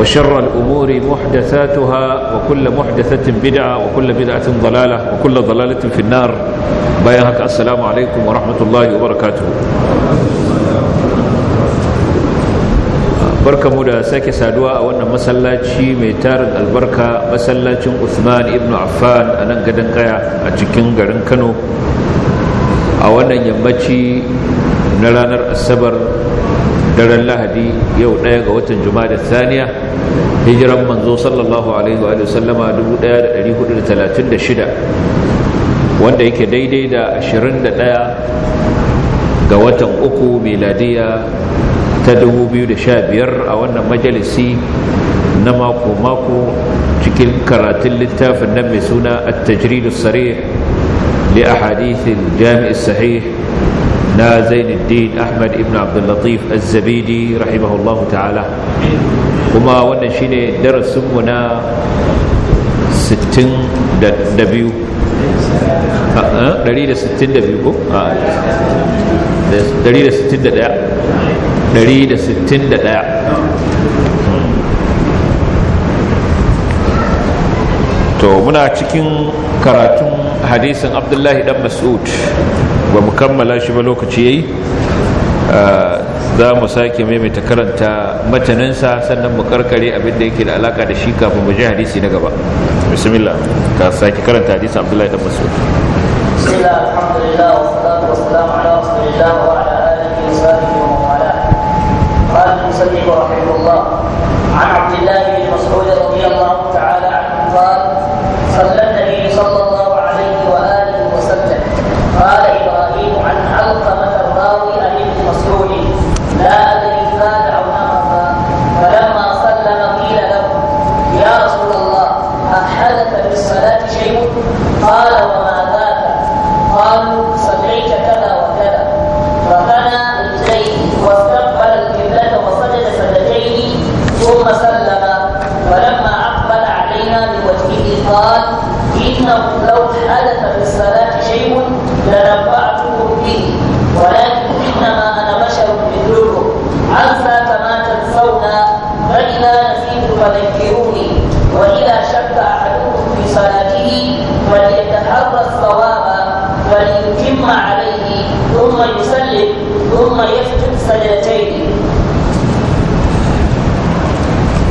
وشر الأمور محدثاتها وكل محدثة بدعة وكل بدعة ضلالة وكل ضلالة في النار بيهك السلام عليكم ورحمة الله وبركاته barka mu da sake saduwa a wannan masallaci mai tarin albarka masallacin Uthman ibn Affan a nan gadon kaya a cikin garin Kano a wannan yammaci na ranar asabar daren lahadi yau ɗaya ga watan juma'a da saniya hijiran manzo sallallahu alaihi wa sallama 1436 wanda yake daidai da 21 ga watan uku miladiya ta 2015 a wannan majalisi na mako-mako cikin karatun littafin nan mai suna at-tajridu sare li hadithin jami'i sahih na zainuddin ahmad ibn abdullatif azzabidi rahimahullahu ta'ala kuma wannan shine darasinmu na 62 161 to muna cikin karatun hadisin abdullahi dan mas'ud ba mu kammala shi ba lokaci yayi za mu sake maimaita karanta matanansa sannan mu karkare abinda yake da alaka da shi kafin mu ji hadisi na gaba bismillah ka sake karanta hadisi abdullahi dan mas'ud bismillah alhamdulillah wa salatu wa wassalamu ala rasulillah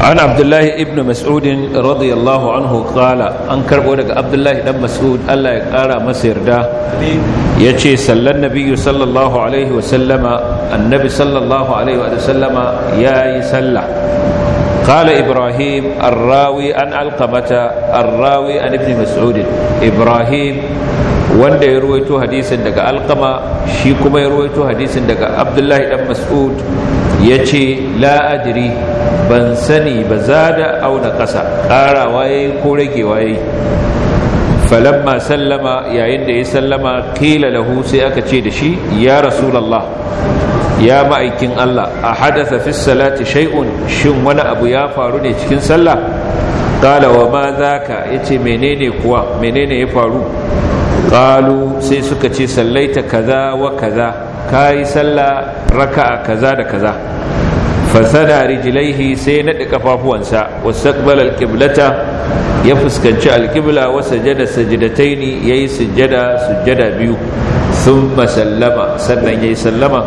an abdullahi ibn mas'udin radiyallahu anhu qala an karbo daga abdullahi dan mas'ud Allah ya kara masa yarda yace sallan nabiyyu sallallahu alaihi wa sallama annabi sallallahu alaihi wa sallama yayi sallah قال إبراهيم الراوي عن علقمة الراوي عن ابن مسعود إبراهيم wanda ya ruwaito hadisin daga alkama shi kuma ya ruwaito hadisin daga abdullahi dan mas'ud ya ce la'adiri ban sani ba za da auna ƙasa ƙarawa ya yi ko ragewa ya yi falamma sallama yayin da ya sallama kila lahu sai aka ce da shi ya rasulallah ya ma'aikin Allah a hadasa fi salati shay'un shin wani abu ya faru ne cikin sallah qala wa ma zaka yace menene kuwa menene ya faru Ƙalu sai suka ce sallaita kaza wa kaza ka yi sallah raka'a kaza da kaza fasada rijilaihi sai naɗi ƙafafuwansa wasaqbala alqiblata ya fuskanci alqibla wa sajada ya yi sujada sujada biyu thumma sallama sannan yi sallama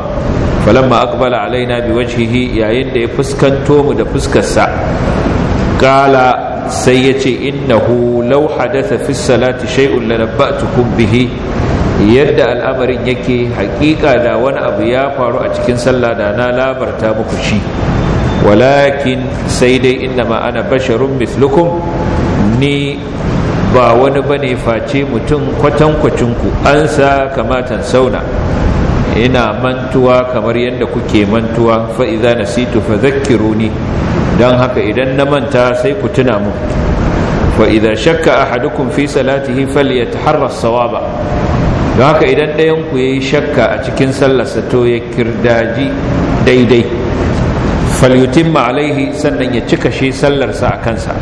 falamma aqbala alaina biwajhihi yayin da ya fuskanto mu da fuskarsa kala sai yace innahu law hadatha fi salati shay'un lanabba'tukum bihi yadda al'amarin yake hakika da wani abu ya faru a cikin sallah da na labarta muku shi walakin sai dai inda ma ana basharun mislukum ni ba wani bane face mutum kwatankwacinku an sa kamatan sauna ina mantuwa kamar yadda kuke mantuwa fa'iza na situ fa zakkiruni don haka idan na manta sai ku tuna mu fa'iza shakka ahadukum fi salatihi falyataharras ba. don haka idan ɗayanku ya yi shakka a cikin sallarsa to ya kirdaji daidai falyutin alaihi sannan ya cika shi sallarsa a kansa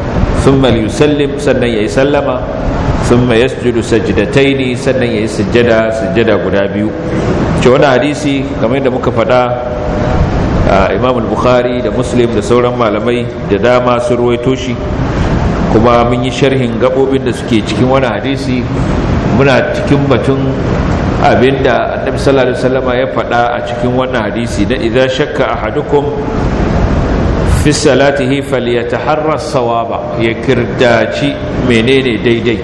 sun yusallim sannan ya yi sallama sun yasjudu sajidataini sannan ya yi sujjada sujjada guda biyu ce wani hadisi kamar da muka faɗa imam bukhari da muslim da sauran malamai da dama sun ruwaito shi kuma mun yi sharhin gaɓoɓin da suke cikin wani hadisi muna cikin batun abinda annabi sallallahu alaihi wasallama ya faɗa a cikin wannan hadisi na idza shakka ahadukum fi salatihi falyataharra sawaba ya kirdaci menene daidai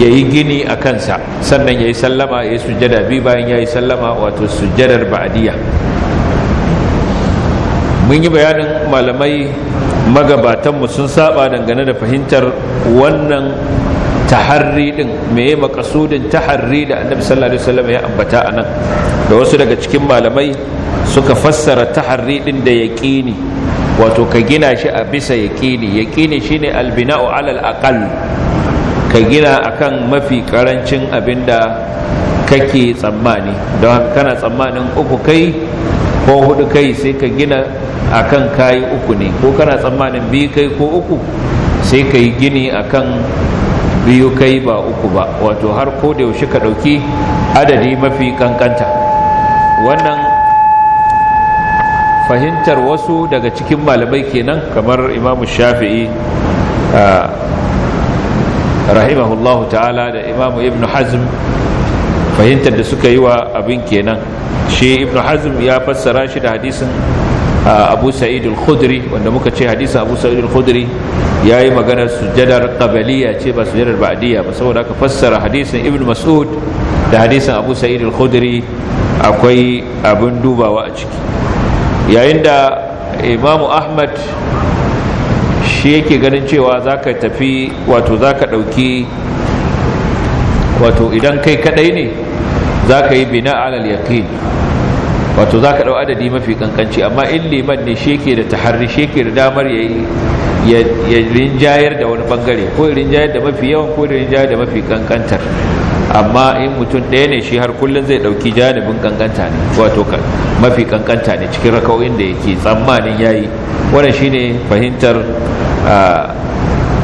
yayi gini a kansa sannan yayi sallama yayi sujada, bi bayan yayi sallama wato sujadar ba'diya mun yi bayanin malamai magabatanmu sun saba dangane da fahimtar wannan taharri din meye makasudin taharri da annabi sallallahu alaihi wasallam ya ambata anan da wasu daga cikin malamai suka fassara taharri din da yaqini wato ka gina shi a bisa yaqini yaqini shine albina'u alal aqal ka gina akan mafi karancin abinda kake tsammani don haka kana tsammanin uku kai ko hudu kai sai ka gina akan kayi uku ne ko kana tsammanin biyu kai ko uku sai ka yi gini akan biyu kai ba uku ba wato har ko da yaushe ka ɗauki adadi mafi kankanta wannan fahimtar wasu daga cikin malamai kenan kamar imamu shafi'i rahimahullahu ta'ala da imamu ibn hazm fahimtar da suka yi wa abin kenan shi ibn hazm ya fassara shi da hadisin abu sa'id al-khudri wanda muka ce hadisin abu sa'id al-khudri yayi maganar sujadar qabaliya ce ba sujadar badiya ba saboda aka fassara hadisin ibn mas'ud da hadisin abu sa'id al-khudri akwai abin dubawa a ciki yayin da imamu ahmad shi yake ganin cewa zaka tafi wato zaka dauki wato idan kai kadai ne zaka yi bina alal yaqin wato za ka ɗau adadi mafi kankanci amma in liman ne sheke ke da taharri shi da damar ya rinjayar da wani bangare ko rinjayar da mafi yawan ko rinjayar da mafi kankantar amma in mutum ɗaya ne shi har kullum zai ɗauki janibin kankanta ne wato mafi kankanta ne cikin raka'o'in da yake tsammanin yayi wannan shine fahimtar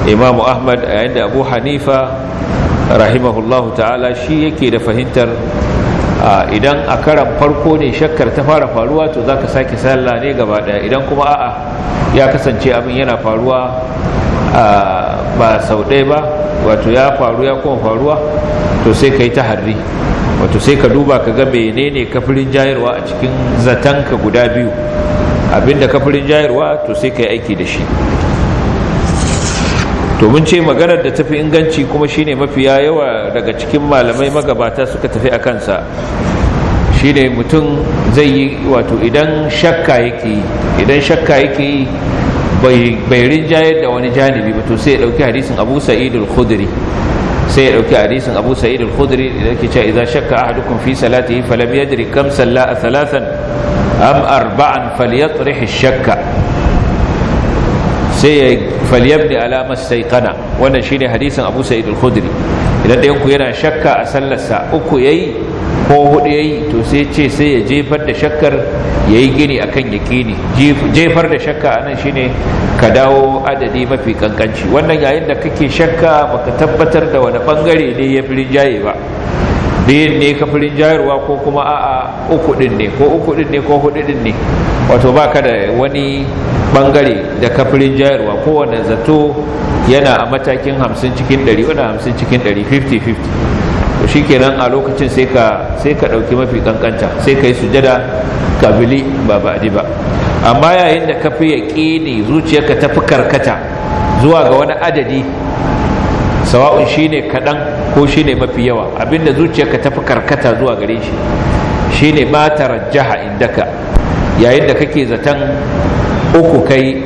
imamu ahmad a yadda abu hanifa rahimahullahu ta'ala shi yake da fahimtar idan a karan farko ne shakkar ta fara faruwa to za ka sake sallah ne gaba daya idan kuma a'a ya kasance abin yana faruwa ba sau ɗaya ba wato ya faru ya kuma faruwa to sai ka yi ta harri wato sai ka duba ka ga menene kafirin jayarwa a cikin zatanka guda biyu abinda kafirin jayarwa to sai ka yi aiki da shi to mun ce maganar da tafi inganci kuma shine mafiya yawa daga cikin malamai magabata suka tafi a kansa shine mutum zai yi wato idan shakka yake yi idan shakka yake yi bai rinjayar da wani janibi ba to sai ya dauki hadisin abu sa'id al-khudri sai ya dauki hadisin abu sa'id khudri da yake cewa idan shakka ahadukum fi salatihi falam yadri kam salla thalathan am arba'an falyatrih ash-shakka sai ya falyabni alamar saikana wannan shine hadisin abu sa'id al-khudri idan da ku yana shakka a sallarsa uku yayi ko hudu yayi to sai ce sai ya jefar da shakkar yayi gini akan yaqini jefar da shakka a anan shine ka dawo adadi mafi kankanci wannan yayin da kake shakka baka tabbatar da wani bangare ne ya fi rinjaye ba biyun ne kafirin jayarwa ko kuma a'a uku din ne ko uku din ne ko hudu din ne wato ba ka da wani bangare da kafirin jayarwa kowane zato yana a matakin hamsin cikin ɗari wani hamsin cikin ɗari 50-50 to shi kenan a lokacin sai ka ɗauki mafi kankanta sai ka yi sujada kabili ba ba ba amma yayin da ka fi ne zuciyarka ta fi karkata zuwa ga wani adadi sawa'un shine kaɗan ko shine mafi yawa abinda zuciyarka ka tafi karkata zuwa gare shi shine ma tarajjaha indaka yayin da kake zaton uku kai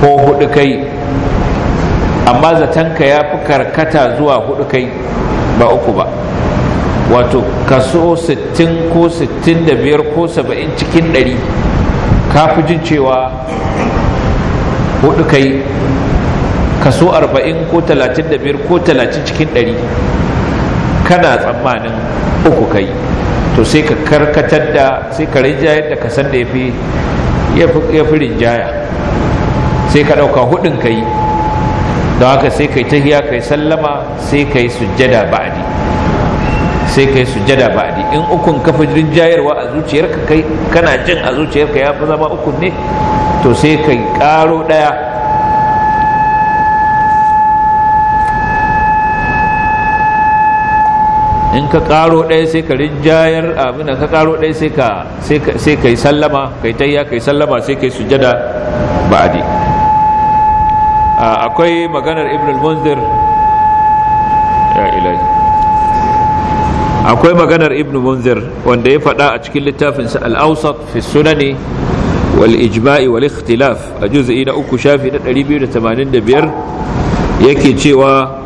ko hudu kai amma ka ya fi karkata zuwa hudu kai ba uku ba wato kaso 60 ko 65 ko 70 cikin 100 ka fi jin cewa hudu kai kaso 40 ko 35 ko 30 cikin 100 kana tsammanin uku kai to sai ka karkatar da sai ka rinjayar da kasan da ya fi rinjaya sai ka ɗauka hudun kai. don haka sai ka yi hiya ka yi sallama sai ka yi sujjada ba'adi sai ka yi sujjada ba'adi in ukun kafa rinjayarwa a zuciyarka kai kana jin a zuciyarka ya fi zama ukun ne to sai ka yi ƙaro ɗaya in ka karo ɗaya sai ka rinjayar abin ka karo ɗaya sai ka sai ka yi sallama kai tayya kai sallama sai kai sujada ba'adi akwai maganar ibn al-munzir ya ilahi akwai maganar ibn munzir wanda ya faɗa a cikin littafinsa al-awsat fi sunani wal ijma'i wal ikhtilaf a juz'i na uku shafi na 285 yake cewa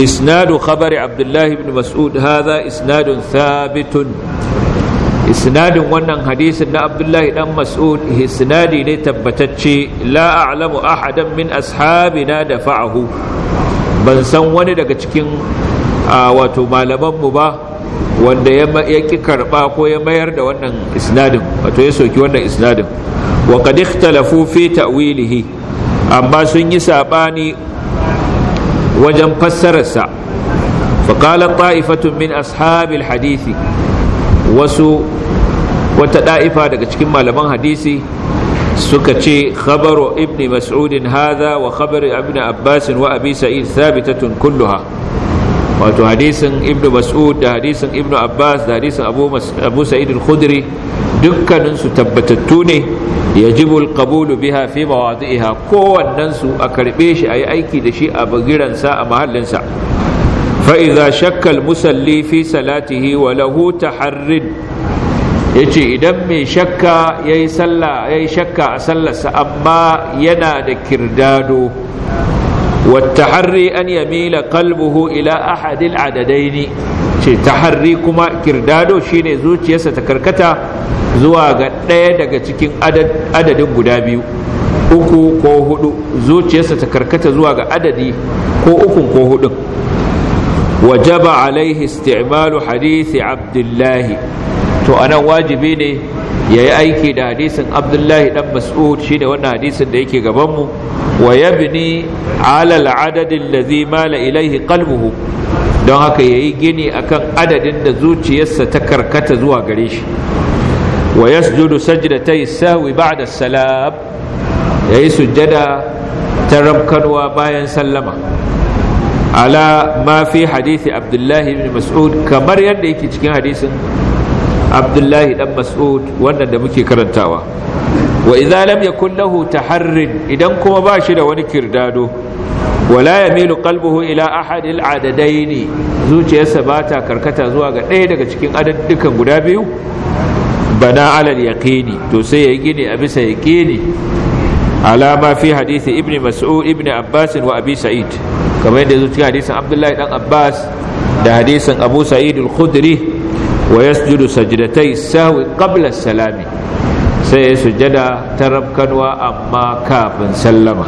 isnadu khabari abdullahi ibn mas'ud haza isnadun sabitun isnadin wannan hadisin na abdullahi dan mas'ud isnadi ne tabbatacce la a'lamu ahadan min ashabina da fa'ahu ban san wani daga cikin wato mu ba wanda ya ki karba ko ya mayar da wannan isnadin wato ya soki wannan isnadin wa qad ikhtalafu fi ta'wilihi amma sun yi saɓani. wajen fassararsa faƙala ta'ifatun min ashabil hadisi wasu wata ɗa'ifa daga cikin malaman hadisi suka ce khabaru ibni mas'udin hadha wa kabar Ibni abbasin wa abi sa'id thabitatun kulluha wato hadisin ibnu mas'ud da hadisin Ibn abbas da hadisin abu abu sa'id al-khudri dukkanin su tabbatattu ne yajibu al-qabulu biha fi mawadi'iha kowannen su a karbe shi ayi aiki da shi a bagiransa a mahallin sa fa idza shakka al-musalli fi salatihi wa lahu taharrid yace idan mai shakka yayi sallah yayi shakka a sallarsa amma yana da kirdado والتحري yamila يميل قلبه ila أحد العددين ce taharri kuma kirdado shine zuciyarsa ta karkata zuwa ga ɗaya daga cikin adadin guda biyu uku ko hudu zuciyarsa ta karkata zuwa ga adadi ko ukun ko hudun wajaba alaihi isti'malu hadisi abdullahi to anan wajibi ne ya yi aiki da hadisin abdullahi dan mas'ud shi da wannan hadisin da yake gabanmu wa yabni ala al'adadin lazi mala ilaihi qalbuhu don haka ya yi gini akan adadin da zuciyarsa ta karkata zuwa gare shi wa yi sawi sahwi da salam ya yi sujjada ta ramkanuwa bayan sallama ala ma fi hadisi abdullahi bin mas'ud kamar yadda yake cikin hadisin abdullahi ɗan mas'ud wannan da muke karantawa wa idza lam yakun lahu taharrin idan kuma ba shi da wani kirdado wala yamilu qalbuhu ila ahad al-adadaini zuciyarsa ba ta karkata zuwa ga ɗaya daga cikin adaddukan guda biyu bana alal yaqini to sai ya gini a bisa yaqini ala ma fi hadisi ibni mas'ud ibni abbas wa abi sa'id kamar yadda zuciya hadisin abdullahi dan abbas da hadisin abu sa'id al wa yasjudu sajdatai sahwi qabla salami sai ya sujada ta rabkanwa amma kafin sallama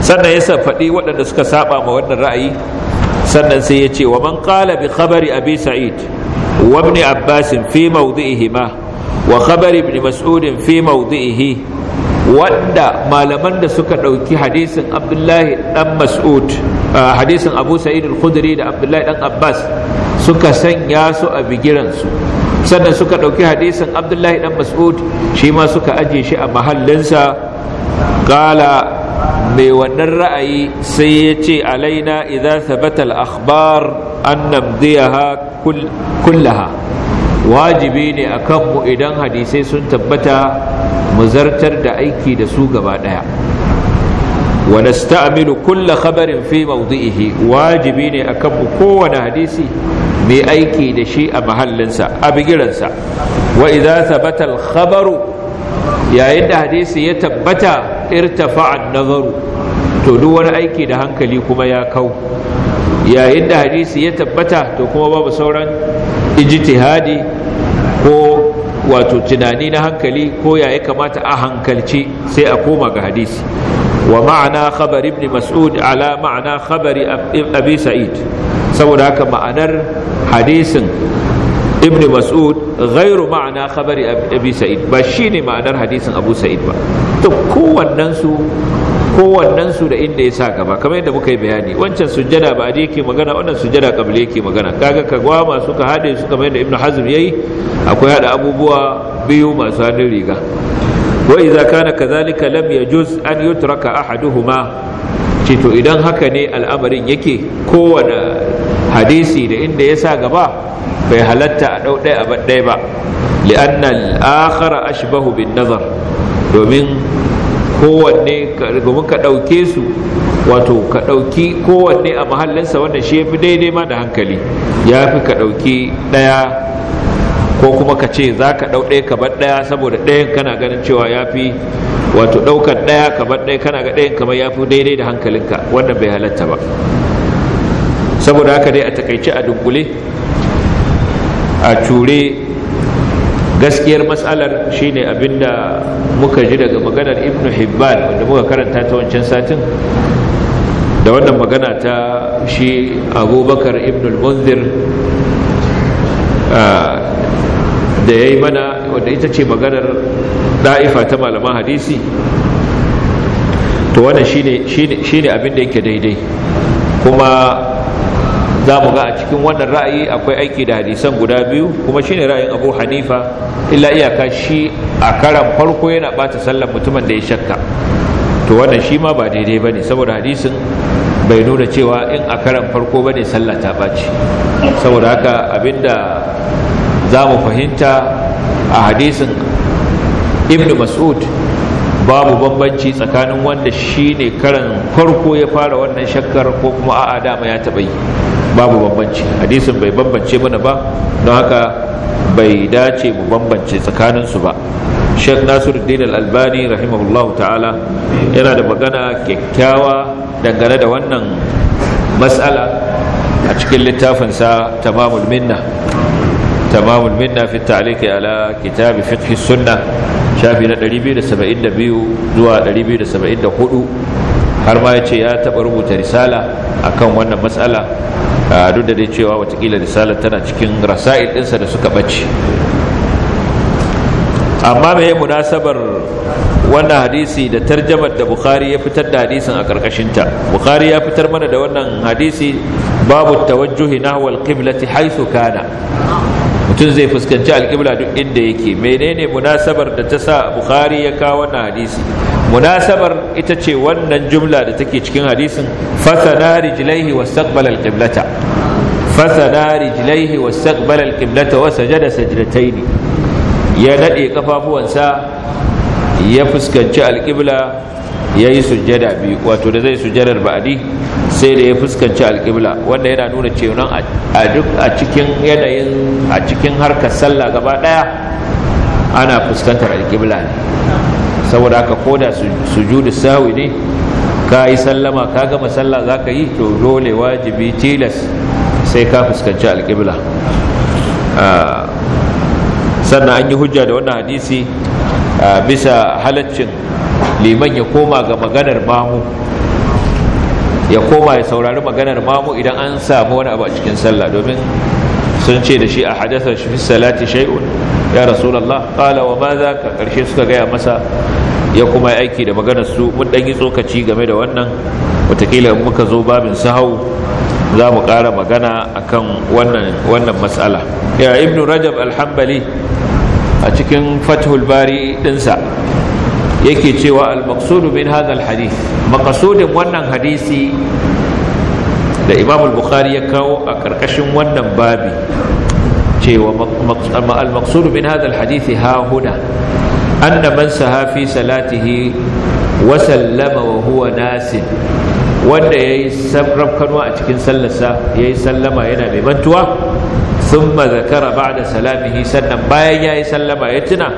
sannan ya faɗi waɗanda suka saba ma wannan ra'ayi sannan sai ya ce wa man qala bi khabari abi sa'id wa ibn abbas fi mawdi'ihima wa khabari ibn Mas'udin fi mawdi'ihi wadda malaman da suka ɗauki hadisin abdullahi dan mas'ud hadisin abu sa'id al-khudri da abdullahi dan abbas suka sanya su a bigiransu sannan suka ɗauki hadisin abdullahi dan mas'ud shi ma suka aje shi a mahallinsa kala mai wannan ra'ayi sai ya ce alaina idza thabata al-akhbar an namdiyaha kullaha wajibi ne akan mu idan hadisai sun tabbata mu zartar da aiki da su gaba daya wa nasta'milu kullu khabarin fi mawdi'ihi wajibi ne akan ku kowane hadisi mai aiki da shi a mahallinsa a bigiransa wa idza thabata al-khabaru yayin da hadisi ya tabbata irtafa'a an-nazaru to duk wani aiki da hankali kuma ya kau yayin da hadisi ya tabbata to kuma babu sauran ijtihadi ko wato tunani na hankali ko ya ya kamata a hankalci sai a koma ga hadisi wa ma'ana khabar ibn mas'ud ala ma'ana khabari abi sa'id saboda haka ma'anar hadisin ibn mas'ud ghairu ma'ana khabari abi sa'id ba shine ma'anar hadisin abu sa'id ba to kowannen su su da inda ya sa gaba kamar yadda muka yi bayani wancan sujjada ba yake magana wannan sujjada kabli yake magana kaga ka gwama su ka su kamar yadda ibnu hazm yayi akwai hada abubuwa biyu masu hannun riga wa idza kana kadhalika lam yajuz an yutraka ahaduhuma ce to idan haka ne al'amarin yake kowane hadisi da inda ya sa gaba bai halatta a ɗau ɗaya a ɗaya ba li'anna al ashbahu bin nazar domin kowanne domin ka ɗauke su wato ka ɗauki kowanne a mahallinsa wannan shi ya fi daidai ma da hankali ya fi ka ɗauki ɗaya ko kuma ka ce za ka ɗau ɗaya ka bar ɗaya saboda ɗayan kana ganin cewa ya fi wato ɗaukar ɗaya ka bar ɗaya kana ga ɗayan kamar ya fi daidai da hankalinka wannan bai halatta ba saboda haka dai a takaice a dunkule a cure gaskiyar matsalar shine abinda muka ji daga maganar ibnu hibban wanda muka karanta ta wancan satin da wannan magana ta shi abubakar ibn al-munzir ah, da ya yi mana wanda ita ce maganar da'ifa ta malaman hadisi to wannan shi ne abinda yake daidai kuma za mu ga a cikin wannan ra'ayi akwai aiki da hadisan guda biyu kuma shine ra'ayin abu hanifa illa iyaka shi a karan farko yana bata sallar mutumin da ya shakka to wannan shi ma ba daidai bane saboda hadisin bai nuna cewa in a karan farko ne sallah ta bace. saboda haka abin da za mu fahimta a hadisin ibn mas'ud babu bambanci tsakanin wanda shi ne karan farko ya fara wannan shakkar ko kuma a'a dama ya taɓa yi babu bambanci hadisin bai bambance mana ba don haka bai dace mu bambance su ba Sheikh Nasiru Al-Albani rahimahullahu ta'ala yana da magana kyakkyawa dangane da wannan matsala a cikin littafinsa Tamamul Minna تمام منا في التعليق على كتاب فقه السنة شافي لدريبي لسبعين نبيو زوا دريبي لسبعين نخدو har ma ya ce ya taɓa rubuta risala akan wannan matsala duk da dai cewa watakila risalar tana cikin rasa'il ɗinsa da suka ɓace amma mai munasabar wannan hadisi da tarjamar da bukhari ya fitar da hadisin a ta bukhari ya fitar mana da wannan hadisi babu tawajjuhi nahwal qiblati haythu kana mutum zai fuskanci alƙibla duk inda yake menene munasabar da ta sa bukhari ya kawo wannan hadisi munasabar ita ce wannan jumla da take cikin hadisin fasana rijlaihi wastaqbala alqiblata fasana rijlaihi wastaqbala alqiblata wa sajada sajdataini ya nade kafafuwansa ya fuskanci alƙibla ya yi sujjada biyu wato da zai sujjadar ba'adi sai da ya fuskanci alƙibla wanda yana nuna cewa a duk a cikin yanayin a cikin harkar sallah gaba ɗaya ana fuskantar alƙibla ne saboda haka ko da sujudu sawi ne ka yi sallama ka gama sallah za ka yi to dole wajibi tilas sai ka fuskanci alƙibla ah, sannan an yi hujja da wannan hadisi bisa halaccin liman ya koma ga maganar mamu ya koma ya saurari maganar mamu idan an samu wani abu a cikin sallah domin sun ce da shi a hadasar shi salati shai'un ya rasulullah qala wa ma za ka karshe suka gaya masa ya kuma yi aiki da maganar su mun ɗan yi tsokaci game da wannan wataƙila in muka zo babin sahau za mu ƙara magana akan wannan wannan matsala ya ibnu rajab alhambali a cikin fathul bari dinsa yake cewa al-maqsudu min hadha al-hadith maqsudin wannan hadisi da Imam al-Bukhari ya kawo a karkashin wannan babi cewa al-maqsudu min hadha al-hadith ha huna anna man saha fi salatihi wa sallama wa huwa nasin wanda yayi sabrab kanwa a cikin sallarsa yayi sallama yana mai mantuwa ثم ذكر بعد سلامه سنة بايا يسلم يتنا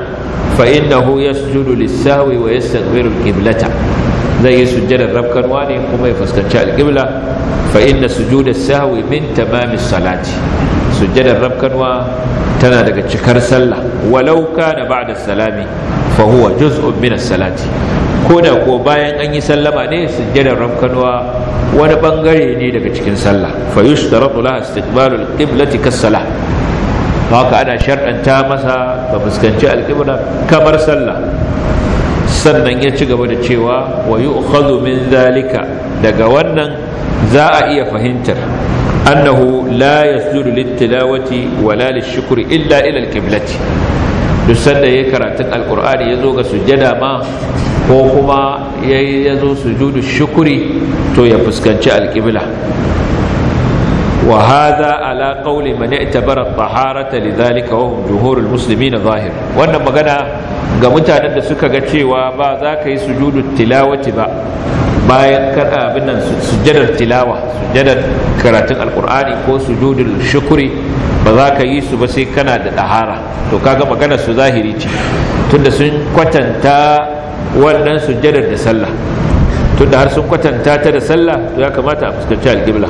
فإنه يسجد للسهو ويستقبل القبلة zai yi sujjadar rabkanwa ne kuma ya fuskanci alƙibla fa inna sujuda sahwi min tamamis salati sujjadar rafkanwa tana daga cikar sallah walau kana ba'da salami fa huwa juz'un min salati koda ko bayan an yi sallama ne sujjadar rafkanwa wani bangare ne daga cikin sallah fa yushtaratu laha istiqbalul qiblati kas salah haka ana sharɗanta masa ba fuskanci alƙibla kamar sallah sannan ya ci gaba da cewa wa yu'khadhu min zalika daga wannan za a iya fahimtar annahu la yasjudu lit-tilawati wala lish-shukri illa ilal al duk sanda ya karatun alkur'ani ya zo ga sujjada ma ko kuma ya zo sujudu shukuri to ya fuskanci alƙibla wa hadha ala qawli man i'tabara at-taharata lidhalika wa hum jumhurul muslimin zahir wannan magana ga mutanen da suka ga cewa ba za ka yi sujudu tilawati ba bayan kada abin nan sujadar tilawa sujadar karatun alkur'ani ko sujudun shukuri ba za ka yi su ba sai kana da ɗahara to kaga maganar su zahiri ce tunda sun kwatanta wannan sujadar da sallah tunda har sun kwatanta ta da sallah to ya kamata a fuskanci alƙibla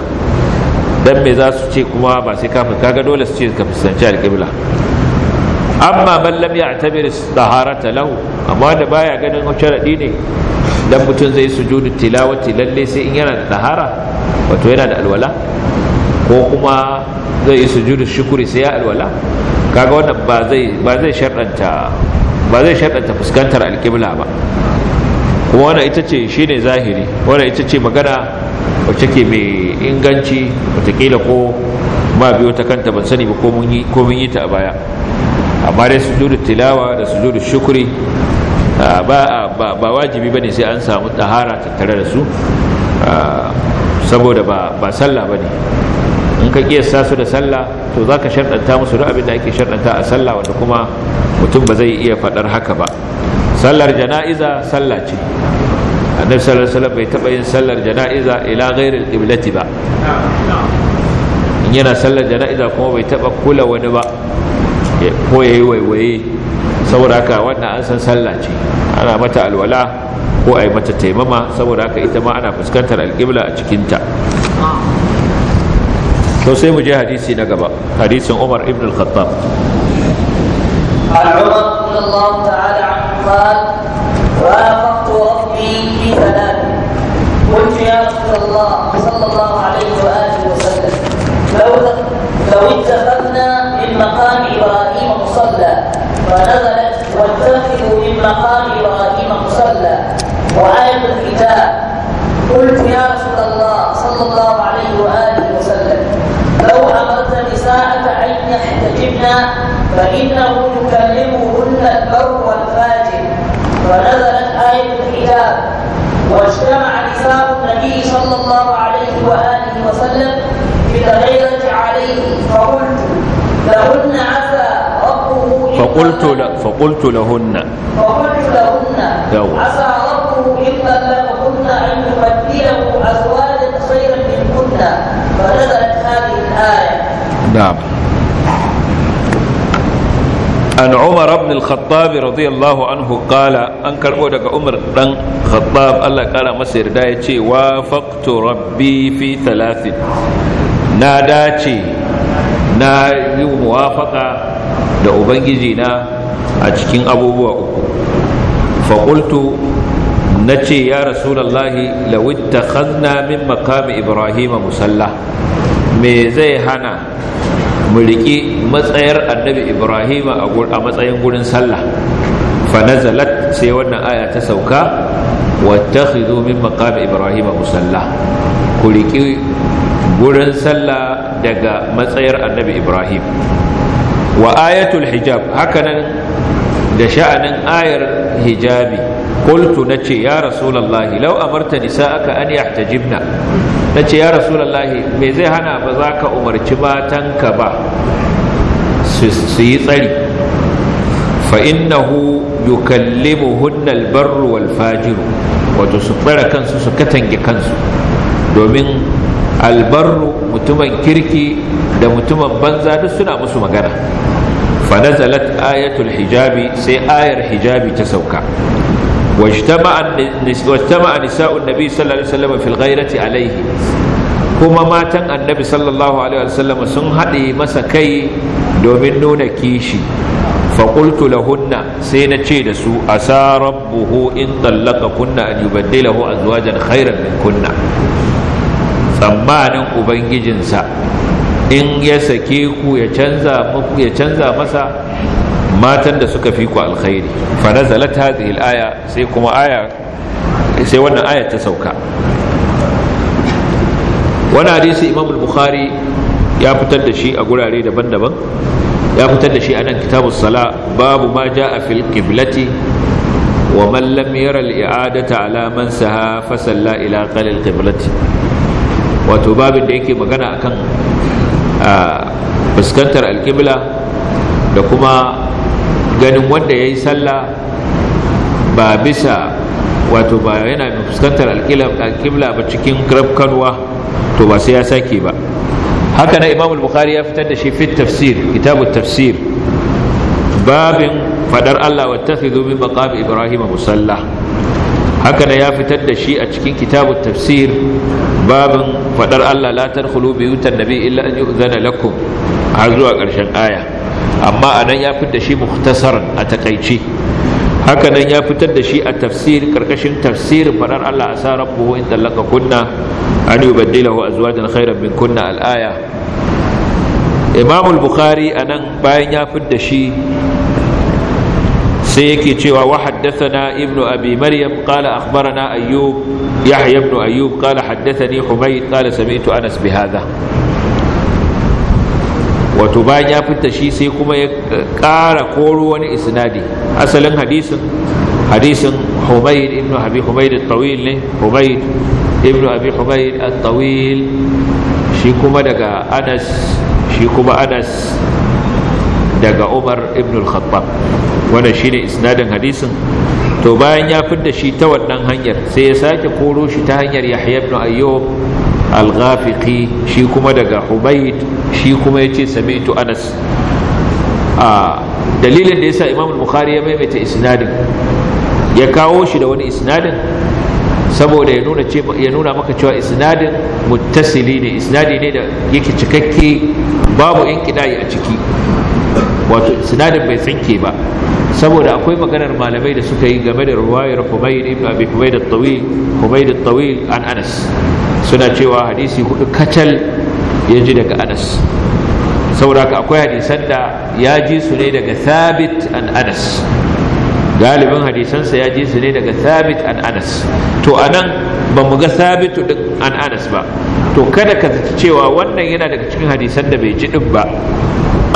dan me za su ce kuma ba sai kafin kaga dole su ce ka fuskanci alƙibla amma man lam ya'tabir taharata lahu amma da baya ganin sharadi ne dan mutum zai sujudu tilawati lalle sai in yana da tahara wato yana da alwala ko kuma zai yi sujudu shukuri sai ya alwala kaga wannan ba zai ba zai sharɗanta ba zai sharɗanta fuskantar alqibla ba kuma wannan ita ce shine zahiri wannan ita ce magana wacce ke mai inganci wataƙila ko ba biyo ta kanta ban sani ba ko mun yi ta a baya amma dai sujudu tilawa da sujudu shukuri ba wajibi bane sai an samu tahara tattare da su saboda ba sallah bane in ka kiyasta su da sallah to zaka sharɗanta musu duk abin da ake sharɗanta a sallah wanda kuma mutum ba zai iya faɗar haka ba sallar jana'iza sallah ce annabi sallallahu alaihi wasallam bai taɓa yin sallar jana'iza ila ghairil qiblati ba in yana sallar jana'iza kuma bai taɓa kula wani ba ko ya yi waiwaye saboda haka wannan an san sallah ce ana mata alwala ko a yi mata taimama saboda haka ita ma ana fuskantar alƙibla a cikinta to sai mu je hadisi na gaba hadisin umar ibn al-khattab قلت لو اتخذنا من مقام إبراهيم مصلى فنزلت واتخذوا من مقام إبراهيم مصلى وآية الكتاب قلت يا رسول الله صلى الله عليه وآله وسلم لو أمرت نساءك أن يحتجبن فإنه يكلمهن البر والفاجر ونزلت آية الكتاب واجتمع نساء النبي صلى الله عليه وآله وسلم في غيرة فقلت لهن عفا ربه فقلت فقلت لهن فقلت لهن دو. عفا ربه ان بلغهن ان يمديه ازواجا خيرا منهن فنزلت هذه الايه نعم عن عمر بن الخطاب رضي الله عنه قال انكر ودك عمر بن الخطاب الله قال مسير دايتي وافقت ربي في ثلاث na dace na yi muwafaka da ubangiji na a cikin abubuwa uku faƙultu na ce ya rasulallahi lawita khazna min makami ibrahima musalla me zai hana mu riƙe matsayar annabi ibrahima a matsayin gurin sallah fanazalat sai wannan aya ta sauka wata min makami ibrahima musalla ku riki wurin sallah daga matsayar annabi ibrahim wa ayatul hijab hakanan da sha'anin ayar hijabi na nace ya rasulullahi law amarta aka an yahtajibna ce ya rasulullahi me zai hana ba za ka umarci matanka ba su yi tsari fa innahu yukallimuhunna albarru wal fajiru wato su tsara kansu su katange kansu domin albarru mutumin kirki da mutumin banza duk suna musu magana fanazalat ayatul hijabi sai ayar hijabi ta sauka واجتمع نساء النبي صلى الله عليه وسلم في الغيرة kuma matan annabi sallallahu alaihi wasallam sun haɗe masa kai domin nuna kishi faƙultu lahunna sai na ce da su a sa rabbuhu in tallaka kunna an yubaddilahu azwajan khairan min kunna tsammanin ubangijinsa in ya sake ku ya canza masa matan da suka fi ku alkhairi fa nazalat hadhihi alaya sai kuma aya sai wannan aya ta sauka wani hadisi imam bukhari ya fitar da shi a gurare daban-daban ya fitar da shi a nan kitabu sala babu ma ja a fil wa man yara al i'adata ala salla ila qalil kiblati wato babin da yake magana akan fuskantar alkibla da kuma ganin wanda ya yi sallah ba bisa wato ba yana fuskantar alkibla ba cikin rafkanwa to ba sai ya sake ba haka na imamul bukhari ya fitar da shi tafsir kitabun tafsir babin fadar allah wata fi min maqami ibrahim musalla haka ya fitar da shi a cikin kitabun tafsir babin faɗar Allah la tadkhulu buyutan nabi illa an yu'zana lakum har zuwa ƙarshen aya amma nan ya fitar da shi mukhtasaran a takaici haka nan ya fitar da shi a tafsir karkashin tafsirin faɗar Allah asa rabbuhu in talaka kunna an yubaddilahu azwajan khairan min kunna al imamul Imam al-Bukhari anan bayan ya fitar da shi sai yake cewa wa haddathana ibnu abi maryam qala akhbarana ayyub yahya ibn ayyub qala haddathani humayd qala sami'tu anas bi hadha wato bayan ya fita shi sai kuma ya kara koro wani isnadi asalin hadisin hadisin humayd ibn abi humayd at-tawil ne humayd ibnu abi humayd at-tawil shi kuma daga anas shi kuma anas daga Umar ibn al-Khattab wannan shine isnadin hadisin to bayan ya fidda shi ta wannan hanyar sai ya sake koro shi ta hanyar Yahya ibn Ayyub al-Ghafiqi shi kuma daga hubayd shi kuma yace sami'tu Anas a dalilin da yasa Imam Bukhari ya maimaita isnadin ya kawo shi da wani isnadin saboda ya nuna ya nuna maka cewa isnadin muttasili ne isnadi ne da yake cikakke babu inkidai a ciki wato sinadin bai tsinke ba saboda akwai maganar malamai da suka yi game da ruwayar Humayd ibn Abi Humayd al tawil Humayd al tawil an Anas suna cewa hadisi hudu kacal ya ji daga Anas saboda akwai hadisan da ya ji su ne daga Thabit an Anas galibin hadisansa ya ji su ne daga Thabit an Anas to anan ba mu ga Thabit din an Anas ba to kada ka zaci cewa wannan yana daga cikin hadisan da bai ji din ba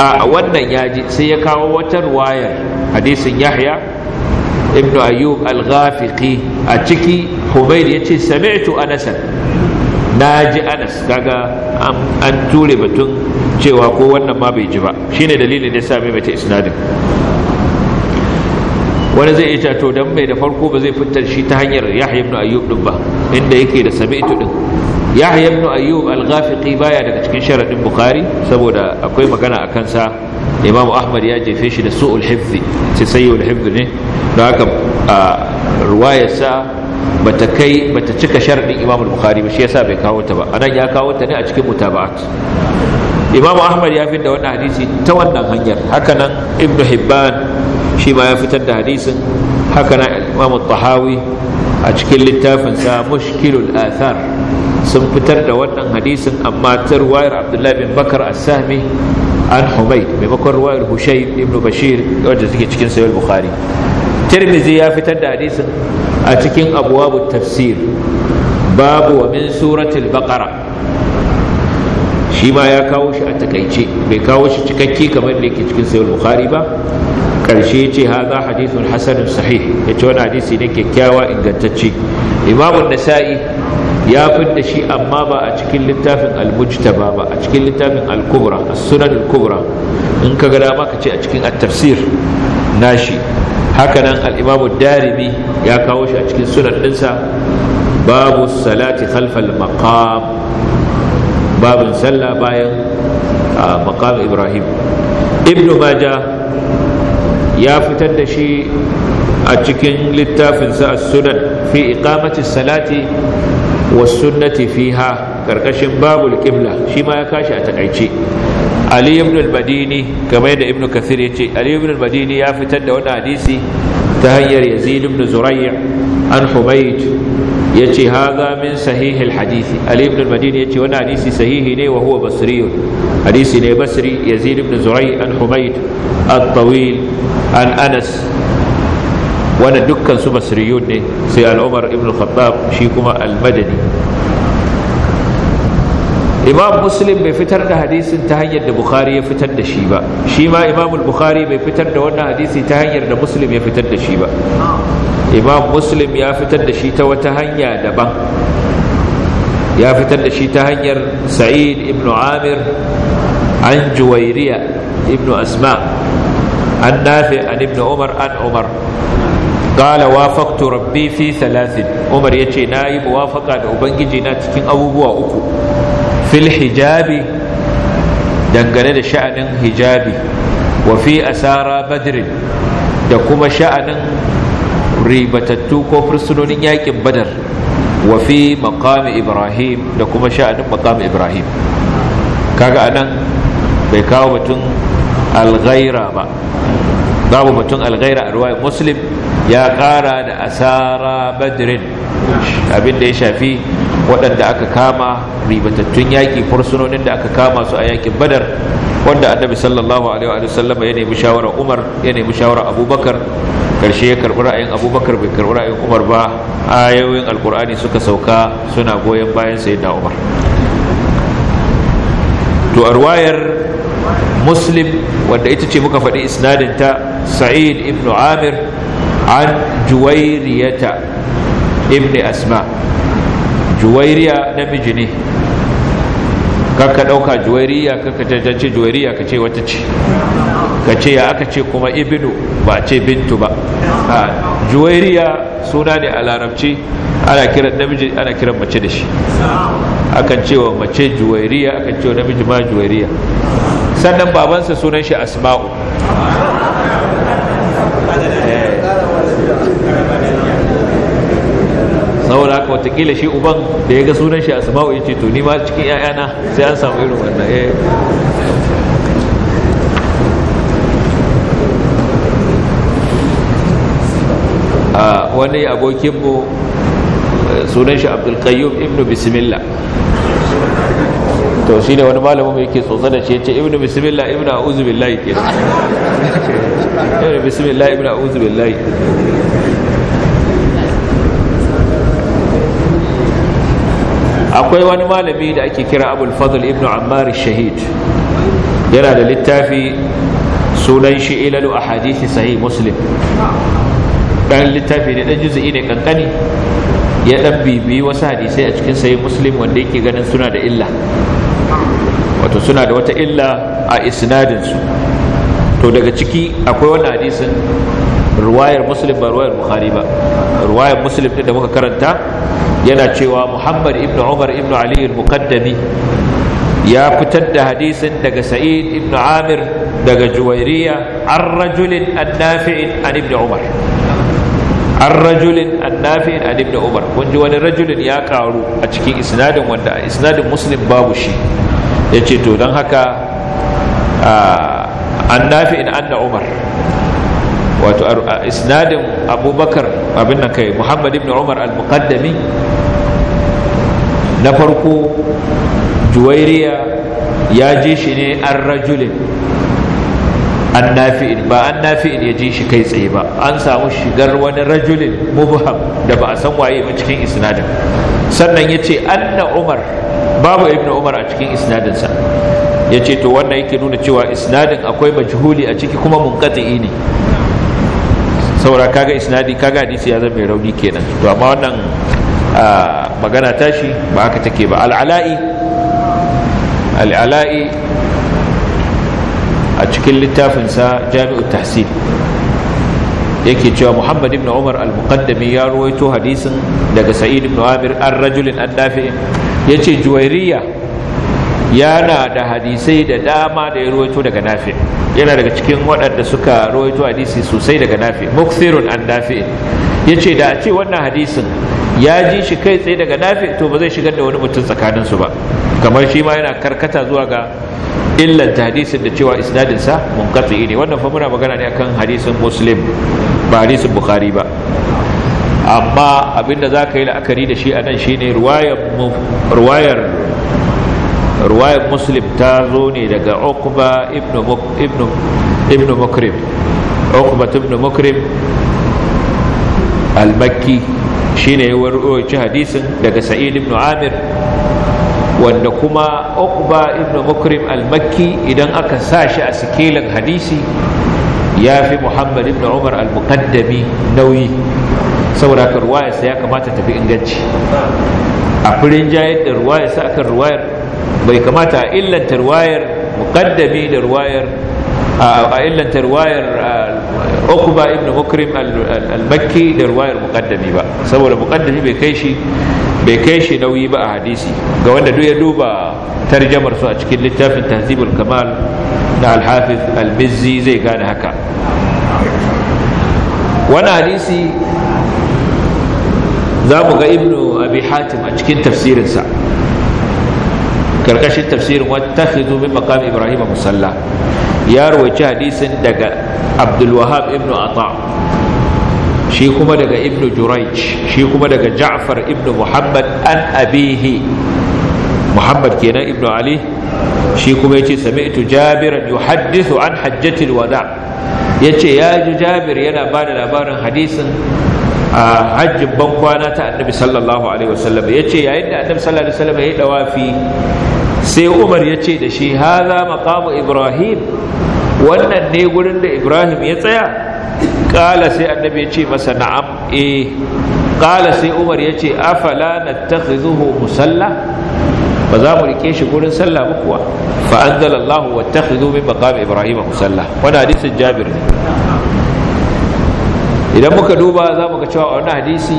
a wannan ya ji sai ya kawo wata ruwayar hadisin yahya Ibn ayyub al-ghafiqi a ciki humair ya ce sami'tu anas naji anas kaga an ture batun cewa ko wannan ma bai ji ba shine dalilin da ya same ta isnadin wani zai ita to dan mai da farko ba zai fitar shi ta hanyar yahya ibn ayyub din ba inda yake da sami'tu din yahya ibn ayyub al-ghafiqi baya daga cikin sharaɗin bukhari saboda akwai magana a kansa imam ahmad ya jefe shi da su'ul hifzi sai sayyul hifzi ne don haka ruwayarsa bata kai bata cika sharaɗin imam bukhari ba shi yasa bai kawo ta ba anan ya kawo ta ne a cikin mutaba'at imam ahmad ya fitar da wannan hadisi ta wannan hanyar hakanan ibnu hibban shi ma ya fitar da hadisin hakanan imam tahawi a cikin littafinsa mushkilul athar sun fitar da wannan hadisin amma ta ruwayar abdullahi bin bakar asami sahmi an maimakon ruwayar Hushai ibn bashir wadda take cikin sahih bukhari Tirmizi ya fitar da hadisin a cikin abuwabu tafsir babu wa min suratul baqara shi ma ya kawo shi a takaice bai kawo shi cikakke kamar da yake cikin sahih bukhari ba karshe ce haza hadithun hasanun sahih ya ce wani hadisi ne kyakkyawa ingantacce imamun nasa'i ya da shi amma ba a cikin littafin al-mujtaba ba a cikin littafin al-kubra sunan kubra in ka gada maka ce a cikin at-tafsir nashi hakanan al-imamu darimi ya kawo shi a cikin sunan ɗinsa babu salati khalfal maqam babin sallah bayan ah, maqam ibrahim ibnu majah ya fitar da shi a cikin littafinsa as-sunan fi iqamati salati wa sunnati fiha karkashin babul qibla shi ma ya kashi a takaice Ali ibn al-Madini kamar da Ibn Kathir yace Ali ibn al-Madini ya fitar da wannan hadisi ta hanyar Yazid ibn Zurayya al ya yace haga min sahihi al ali ibn al ya yace wani hadisi sahihi ne wa huwa basri hadisi ne basri yazid ibn zurai an humayt at-tawil an anas wanda dukkan su basriyun ne sai al-umar ibn khattab shi kuma al-madani imam muslim bai fitar da hadisin ta hanyar da bukhari ya fitar da shi ba shi ma imam bukhari bai fitar da wannan hadisi ta hanyar da muslim ya fitar da shi ba imam muslim ya fitar da shi ta wata hanya daban ya fitar da shi ta hanyar sa'id ibn amir an juwairiya ibn asma an nafi an ibn umar an umar قال وافقت ربي في ثلاث عمر يجي نائب وافق على أبنجي ناتكين أبو بوا أكو fil hijabi dangane da sha'anin hijabi wa fi asara badrin da kuma sha'anin ribatattu ko fursunonin yakin badar wa fi makami ibrahim da kuma sha'anin makami ibrahim kaga anan bai kawo batun alghaira ba babu batun alghaira a ruwa muslim ya kara da asara badrin abin da ya shafi waɗanda aka kama ribatattun yaƙi fursunonin da aka kama su a yaƙin badar wanda annabi sallallahu alaihi wa sallama ya nemi shawarar umar ya nemi shawarar abubakar karshe ya karɓi ra'ayin abubakar bai karɓi ra'ayin umar ba ayoyin alkur'ani suka sauka suna goyon bayan da umar to a muslim wanda ita ce muka faɗi isnadin ta sa'id ibn amir an juwairiyata ibn asma juwairiya namiji ne kakka ɗauka juwairiya kakka ce juwairiya ka ce wata ce ka ce ya aka ce kuma ibnu ba ce bintu ba juwairiya suna ne a larabci ana kiran namiji ana kiran mace da shi akan cewa mace juwairiya akan cewa namiji ma juwairiya sannan babansa sunan shi asma'u saboda haka watakila shi uban da ya ga sunan shi asma'u ya ce to ni ma cikin 'ya'yana sai an samu irin wannan eh. a wani abokinmu eh, sunan shi abdulkayyum ibnu bismillah to shi ne wani malamin mai ke tsotsa da ya ce ibnu bismillah ibnu a'udhu billahi ke ibnu bismillah ibnu a'udhu billahi akwai wani malami da ake kira abul fadl ibn ammar shahid yana da littafi sunan shi ilalu a hadithi sahih muslim dan littafi ne dan juz'i ne kankani ya dan bibi wasu hadisai a cikin sahih muslim wanda yake ganin suna da illa wato suna da wata illa a isnadinsu. to daga ciki akwai wani hadisin ruwayar muslim ba ruwayar bukhari ba ruwayar muslim din da muka karanta yana cewa muhammad ibn umar ibn ali al-muqaddami ya fitar da hadisin daga sa'id ibn amir daga juwairiya an rajulin annafi'in an ibn umar an rajulin annafi'in an ibn umar kun ji wani rajulin ya karu a cikin isnadin wanda isnadin muslim babu shi ya ce to don haka annafi'in anna umar wato isnadin abubakar abin nan kai muhammad ibn umar al-muqaddami na farko juwairiya ya ji shi ne an rajulin an nafi'in ba an nafi'in ya ji shi kai tsaye ba an samu shigar wani rajulin mubham da ba a san waye ba cikin isnadin sannan ya ce anna umar babu ibn umar a cikin isnadinsa ya ce to wannan yake nuna cewa isnadin akwai majhuli a ciki kuma munqati'i ne saura kaga isnadi kaga hadisi ya zama mai rauni kenan to amma wannan A magana tashi ba haka take ba al'ala'i al'ala'i a cikin littafinsa jami'ut tahsil yake cewa muhammad ibn umar al-muqaddami ya ruwaito hadisin daga sa'id ibn amir an rajulin an nafi'in ya ce juwairiya yana da hadisai da dama da ya ruwaito daga nafi yana daga cikin waɗanda suka ruwaito hadisi sosai daga nafi muksirun an nafi'in ya ce da a ce wannan hadisin ya ji shi kai tsaye daga nafi to ba zai shigar da wani mutum tsakanin su ba kamar shi ma yana karkata zuwa ga illan hadisin da cewa isnadin sa munqati ne wannan fa muna magana ne akan hadisin muslim ba hadisin bukhari ba amma abinda za ka yi la'akari da shi a nan shi ne ruwayar muslim ta zo ne daga okuba ibn mukrim okuba ibn mukrim al-makki shine ya warwaci hadisin daga sa'id ibn amir wanda kuma uqba ibn mukrim al-makki idan aka sa shi a sikelin hadisi ya fi muhammad ibn umar al-muqaddami nauyi saboda ka ruwayarsa ya kamata tafi inganci a firin jayar da ruwayarsa akan ruwayar bai kamata a illanta ruwayar muqaddami da ruwayar a illanta ruwayar uqba ibn ibnu al-makki da ruwayar muqaddami ba saboda muqaddami bai kai shi bai kai shi nauyi ba a hadisi ga wanda duk ya duba tarjamar su a cikin littafin tahzibul kamal na al-hafiz al zai gane haka Wani hadisi za mu ga ibnu abi hatim a cikin tafsirinsa karkashin tafsirin wata min maqam ibrahim musalla ya rawaci hadisin daga abdulwahab ibn ata shi kuma daga ibn juraij shi kuma daga ja'far ibn muhammad an abihi muhammad kenan ibn ali shi kuma yace sami'tu jabiran yuhaddithu an hajjatil wada yace ya ji jabir yana ba bada labarin hadisin a hajjin bankwana ta annabi sallallahu alaihi wasallam yace yayin da annabi sallallahu alaihi wasallam ya dawafi sai umar ya ce da shi haza maqamu ibrahim wannan ne gurin da ibrahim ya tsaya kala sai annabi ya ce masa na'am eh kala sai umar ya ce afala nattakhidhuhu musalla ba za mu rike shi gurin sallah ba kuwa fa anzalallahu wattakhidhu min maqam ibrahim musalla wannan hadisin jabir ne idan muka duba za mu ga cewa a wannan hadisi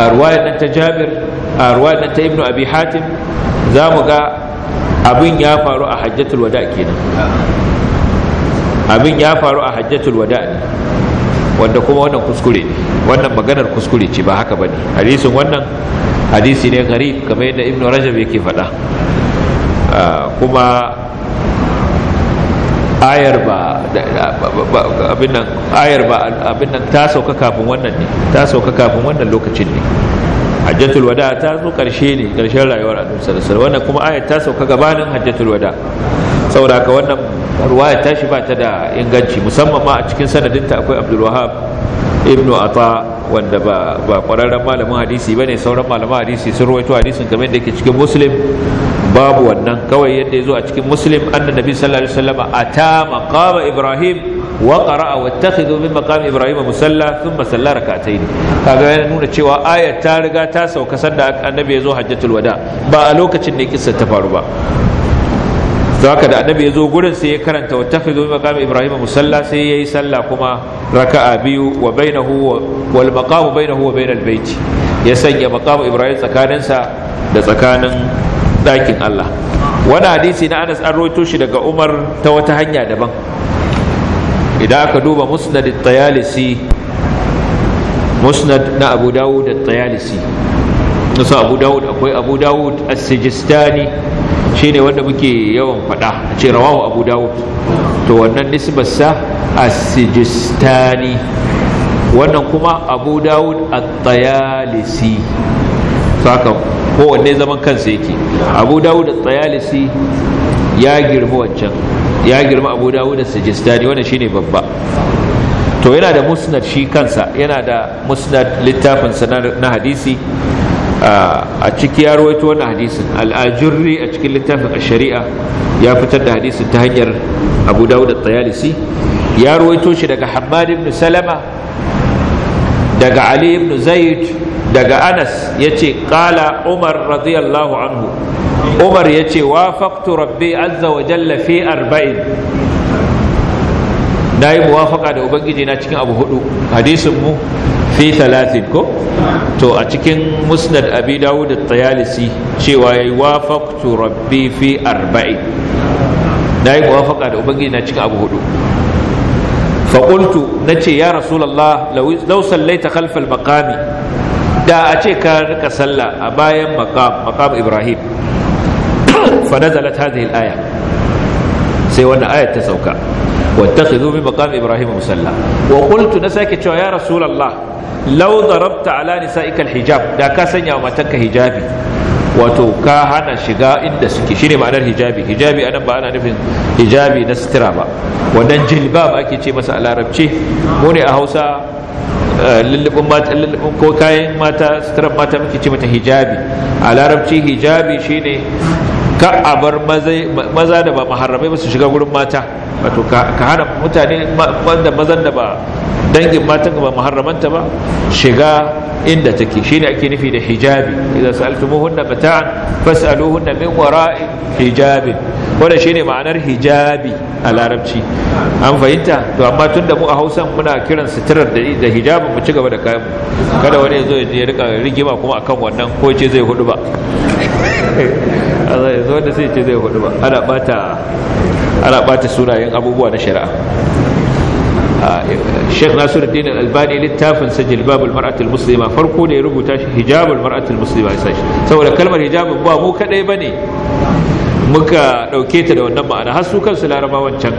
a ruwayar nan ta jabir a ruwayar nan ta ibnu abi hatim za mu ga abin ya faru a hajjatul wada kenan abin ya faru a hajjatul wada ne wanda kuma wannan kuskure ne wannan maganar kuskure ce ba haka bane hadisin wannan hadisi ne gari kamar yadda ibnu rajab yake faɗa ah, kuma ayar ba abin nan ayar ba abin nan ta sauka kafin wannan ne ta sauka kafin wannan lokacin ne hajjatul wada ta zo karshe ne karshen rayuwar annabi sallallahu wannan kuma ayat ta sauka gabanin hajjatul wada saboda ka wannan ruwaya ta shi ba ta da inganci musamman ma a cikin sanadinta akwai abdul wahab ibnu ata wanda ba ba kwararren malamin hadisi bane sauran malaman hadisi sun rawaito hadisin kamar da yake cikin muslim babu wannan kawai yadda yazo a cikin muslim annabi sallallahu alaihi wasallam ata maqama ibrahim wa qara'a wattakhidhu min maqami ibrahim musalla thumma salla rak'atayn kaga yana nuna cewa ayat ta riga ta sauka sanda annabi yazo hajjatul wada ba a lokacin da kissa ta faru ba Zaka da annabi ya zo gurin sai ya karanta wa takhidhu maqam ibrahim musalla sai yayi sallah kuma raka'a biyu wa bainahu wal maqam bainahu wa bainal bait ya sanya maqam ibrahim tsakaninsa da tsakanin dakin Allah wani hadisi na Anas an roito shi daga Umar ta wata hanya daban idan aka duba musnad at-tayalisi musnad na Abu Dawud at-tayalisi nasu abu dawud akwai abu dawud as-sijistani shine wanda muke yawan fada a ce rawahu abu dawud to wannan nisbarsa as-sijistani wannan kuma abu dawud at-tayalisi saka kowanne zaman kansa yake abu dawud at-tayalisi ya girma wancan ya girma abu dawud as-sijistani wannan shine babba to yana da musnad shi kansa yana da musnad littafin sanar na hadisi a ciki ya rawaito wannan hadisin al'ajirri a cikin littafin shari'a ya fitar da hadisin ta hanyar abu dawud da tayalisi ya rawaito shi daga hamad ibn salama daga ali ibn zaid daga anas ya ce ƙala umar radiyallahu anhu umar ya ce faktu rabbi azza wa jalla fi arba'in na yi muwafaka da ubangiji na cikin abu hudu hadisin mu fi talatin ko to a cikin musnad abi dawud at-tayalisi cewa yayi wafaqtu rabbi fi arba'in yi wafaka da ubangiji na cikin abu hudu fa qultu nace ya rasulullah law law sallaita khalf al-maqami da a ce ka rika sallah a bayan maqam maqam ibrahim fa nazalat hadhihi al-aya sai wannan ayat ta sauka واتخذوا من مقام ابراهيم مصلى وقلت نساك يا رسول الله lau darabta ala nisa'ikal hijab da ka sanya wa matanka hijabi wato ka hana shiga inda suke shine ma'anar hijabi hijabi anan ba ana nufin hijabi na sitira ba wannan jilbab ake ce masa a larabci mu ne a hausa eh, lullubin mata lullubin ko kayan mata suturan mata muke ce mata hijabi a larabci hijabi shine ka a bar maza da ba maharramai ba su shiga gurin mata wato ka hana mutane wanda mazan da ba dangin matan ba muharramanta ba shiga inda take shine ake nufi da hijabi idza sa'altumuhunna mata'an fas'aluhunna min wara'i hijabin shi shine ma'anar hijabi a larabci an fahimta to amma tunda mu a Hausa muna kiran suturar da hijabi mu ci gaba da kayan kada wani ya zo ya rika rigima kuma akan wannan ko ce zai hudu ba Allah ya zo da sai ce zai hudu ba ana bata ana bata sunayen abubuwa na shari'a Sheikh Nasiruddin Al-Albani littafin sa jilbabul mar'atul muslima farko da ya rubuta shi hijabul mar'atul muslima saboda kalmar hijabun ba mu kadai bane muka dauke ta da wannan ma'ana har su kansu larabawan can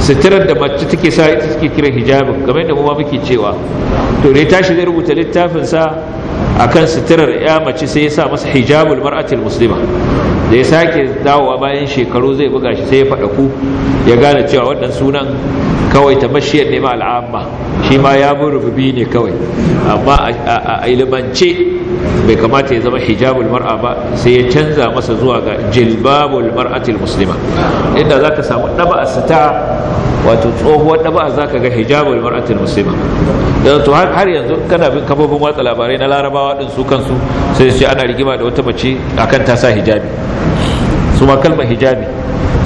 sitirar da mace take sa ita take kira hijabin kamar yadda kuma muke cewa to ne tashi zai rubuta littafin sa akan sitirar ya mace sai ya sa masa hijabul mar'atul muslima da ya sake dawowa bayan shekaru zai buga shi sai ya faɗa ku ya gane cewa wannan sunan kawai ta mashiyar ne ma al'amma shi ma ya bi rububi ne kawai amma a ilimance bai kamata ya zama hijabul mar'a ba sai ya canza masa zuwa ga jilbabul mar'atul muslima inda zaka samu ɗaba a sita wato tsohuwar ɗaba za ka ga hijabul mar'atul muslima to har yanzu kana bin kafofin watsa labarai na larabawa ɗin su kansu sai su ana rigima da wata mace akan ta sa hijabi su ma kalmar hijabi